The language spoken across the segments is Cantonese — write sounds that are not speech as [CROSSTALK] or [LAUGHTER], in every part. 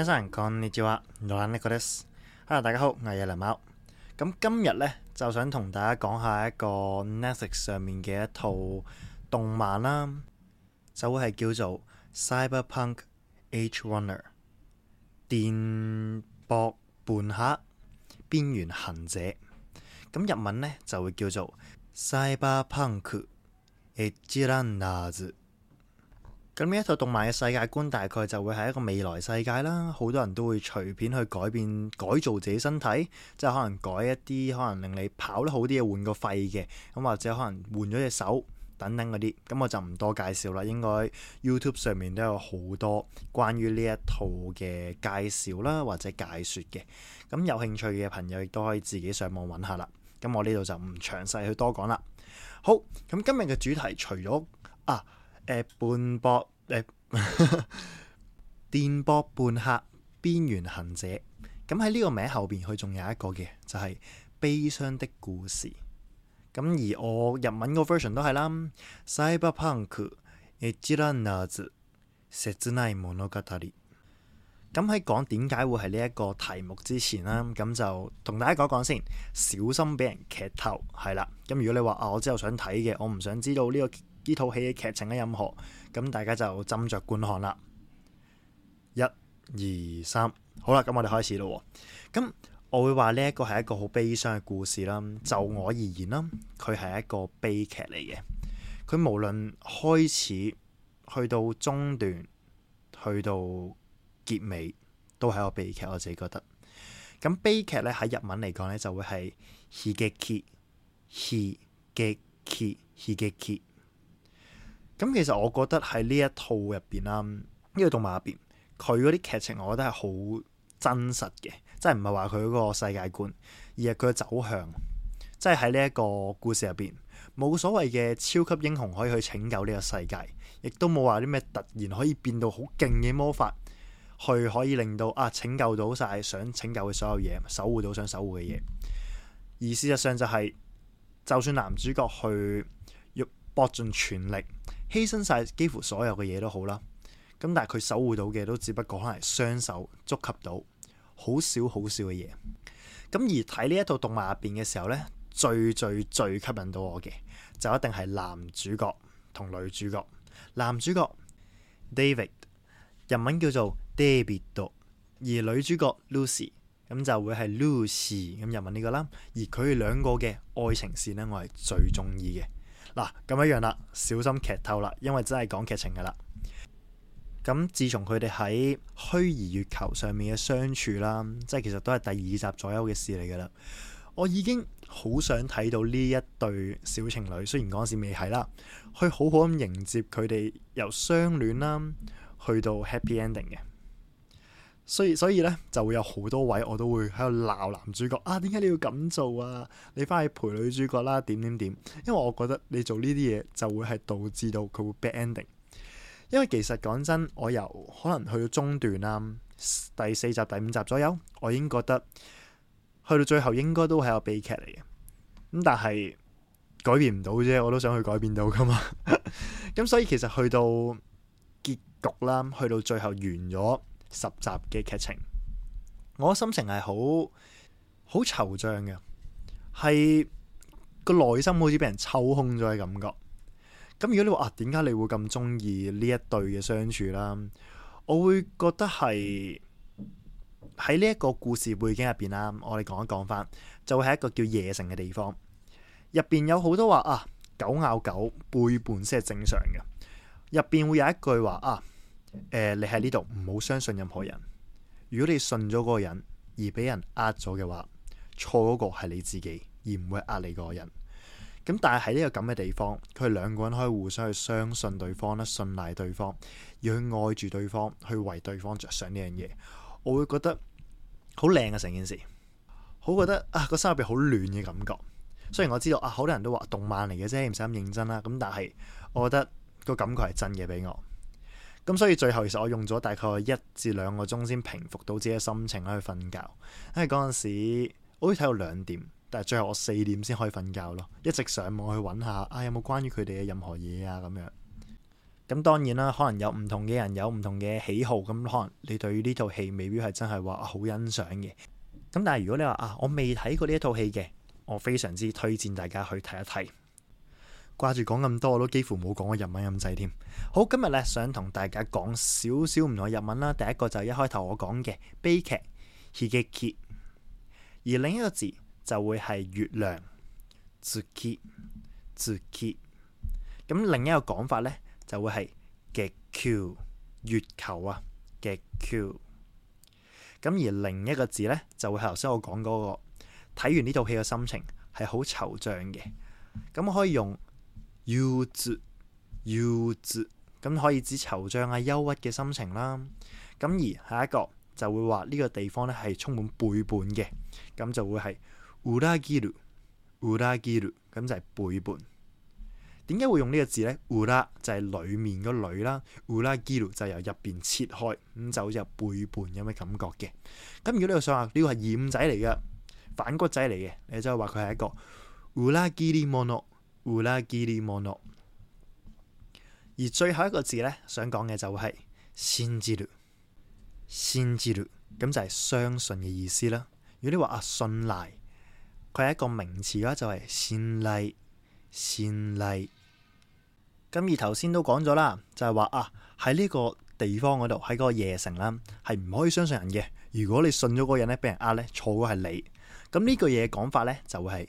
Hello，大家好，我係野良貓。咁今日咧就想同大家講下一個 Netflix 上面嘅一套動漫啦，就會係叫做《Cyberpunk Edgerunners》電馭叛客邊緣行者，咁日文咧就會叫做《Cyberpunk Edge Runners》。咁呢一套動漫嘅世界觀大概就會係一個未來世界啦，好多人都會隨便去改變改造自己身體，即係可能改一啲可能令你跑得好啲嘅換個肺嘅，咁或者可能換咗隻手等等嗰啲，咁我就唔多介紹啦。應該 YouTube 上面都有好多關於呢一套嘅介紹啦，或者解說嘅，咁有興趣嘅朋友亦都可以自己上網揾下啦。咁我呢度就唔詳細去多講啦。好，咁今日嘅主題除咗啊～誒半播誒電波半客，邊緣行者，咁喺呢個名後邊，佢仲有一個嘅，就係、是、悲傷的故事。咁而我日文個 version 都係啦，サイバーパンク・エッジランナーズせつない物語。咁喺講點解會係呢一個題目之前啦，咁就同大家講講先，小心俾人劇透，係啦。咁如果你話啊，我之後想睇嘅，我唔想知道呢、這個。呢套戲嘅劇情咧，任何咁，大家就斟酌觀看啦。一、二、三，好啦，咁我哋開始咯。咁我會話呢一個係一個好悲傷嘅故事啦。就我而言啦，佢係一個悲劇嚟嘅。佢無論開始去到中段，去到結尾，都係一個悲劇。我自己覺得咁悲劇咧喺日文嚟講呢，就會係ひげき、ひげき、ひげき。咁其實我覺得喺呢一套入邊啦，呢個動漫入邊，佢嗰啲劇情，我覺得係好真實嘅，即係唔係話佢嗰個世界觀，而係佢嘅走向，即係喺呢一個故事入邊，冇所謂嘅超級英雄可以去拯救呢個世界，亦都冇話啲咩突然可以變到好勁嘅魔法，去可以令到啊拯救到晒想拯救嘅所有嘢，守護到想守護嘅嘢。而事實上就係，就算男主角去要搏盡全力。犧牲晒幾乎所有嘅嘢都好啦，咁但係佢守護到嘅都只不過可能係雙手觸及到好少好少嘅嘢。咁而睇呢一套動畫入邊嘅時候呢，最最最吸引到我嘅就一定係男主角同女主角。男主角 David 日文叫做 David，而女主角 Lucy 咁就會係 Lucy 咁日文呢個啦。而佢哋兩個嘅愛情線呢，我係最中意嘅。嗱，咁一樣啦，小心劇透啦，因為真係講劇情噶啦。咁自從佢哋喺虛擬月球上面嘅相處啦，即係其實都係第二集左右嘅事嚟噶啦。我已經好想睇到呢一對小情侶，雖然嗰時未係啦，去好好咁迎接佢哋由相戀啦，去到 happy ending 嘅。所以所以咧就會有好多位我都會喺度鬧男主角啊，點解你要咁做啊？你翻去陪女主角啦，啊，點點點。因為我覺得你做呢啲嘢就會係導致到佢會 bad ending。因為其實講真，我由可能去到中段啦，第四集第五集左右，我已經覺得去到最後應該都係個悲劇嚟嘅。咁但係改變唔到啫，我都想去改變到噶嘛。咁 [LAUGHS] 所以其實去到結局啦，去到最後完咗。十集嘅劇情，我心情係好好惆悵嘅，係個內心好似俾人抽空咗嘅感覺。咁如果你話啊，點解你會咁中意呢一對嘅相處啦？我會覺得係喺呢一個故事背景入邊啦，我哋講一講翻，就會喺一個叫夜城嘅地方，入邊有好多話啊，狗咬狗、背叛先係正常嘅。入邊會有一句話啊。誒、呃，你喺呢度唔好相信任何人。如果你信咗嗰個人而俾人呃咗嘅話，錯嗰個係你自己，而唔會呃你個人。咁但係喺呢個咁嘅地方，佢哋兩個人可以互相去相信對方咧，信賴對方，要去愛住對方，去為對方着想呢樣嘢。我會覺得好靚啊，成件事好覺得啊個心入邊好暖嘅感覺。雖然我知道啊，好多人都話動漫嚟嘅啫，唔使咁認真啦。咁但係我覺得個感覺係真嘅，俾我。咁所以最後其實我用咗大概一至兩個鐘先平復到自己嘅心情去瞓覺，因為嗰陣時好似睇到兩點，但係最後我四點先可以瞓覺咯。一直上網去揾下啊，有冇關於佢哋嘅任何嘢啊咁樣。咁當然啦，可能有唔同嘅人有唔同嘅喜好，咁可能你對於呢套戲未必係真係話好欣賞嘅。咁但係如果你話啊，我未睇過呢一套戲嘅，我非常之推薦大家去睇一睇。掛住講咁多，我都幾乎冇講過日文咁滯添。好，今日咧想同大家講少少唔同嘅日文啦。第一個就係一開頭我講嘅悲劇，日嘅結。而另一個字就會係月亮，月結月結。咁另一個講法咧就會係極 Q」，「月球啊，極 Q」。咁而另一個字咧就會係頭先我講嗰、嗰個，睇完呢套戲嘅心情係好惆悵嘅。咁可以用。憂愁、憂愁，咁可以指惆悵啊、憂鬱嘅心情啦。咁而下一個就會話呢個地方咧係充滿背叛嘅，咁就會係烏拉基魯、烏拉基魯，咁就係背叛。點解會用呢個字呢？烏拉就係、是、裏面個裏啦，烏拉基魯就是、由入邊切開，咁就好似背叛有咩感覺嘅。咁如果你個想話呢個係掩仔嚟嘅、反骨仔嚟嘅，你就話佢係一個烏拉基利莫諾。而最後一個字呢，想講嘅就係信じる，信じる，咁就係相信嘅意思啦。如果你話啊信賴，佢係一個名詞嘅話，就係信頼，信頼。咁而頭先都講咗啦，就係、是、話啊喺呢個地方嗰度，喺嗰個夜城啦，係唔可以相信人嘅。如果你信咗嗰個人呢，俾人呃呢，錯嘅係你。咁呢句嘢嘅講法呢，就會、是、係。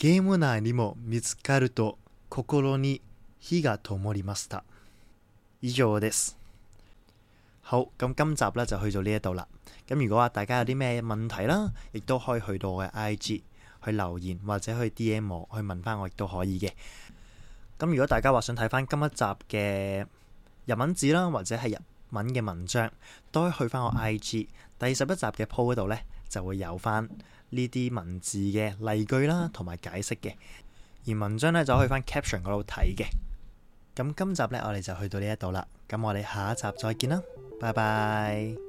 ゲーム內にも見つかると心に火が燈りました。以上です。好，咁今集呢就去到呢一度啦。咁如果啊大家有啲咩問題啦，亦都可以去到我嘅 IG 去留言或者去 DM 我去問翻我，亦都可以嘅。咁如果大家話想睇翻今一集嘅日文字啦，或者係日文嘅文章，都可以去翻我 IG 第十一集嘅 Po 嗰度呢，就會有翻。呢啲文字嘅例句啦，同埋解釋嘅，而文章呢，就可以翻 caption 嗰度睇嘅。咁今集呢，我哋就去到呢一度啦。咁我哋下一集再見啦，拜拜。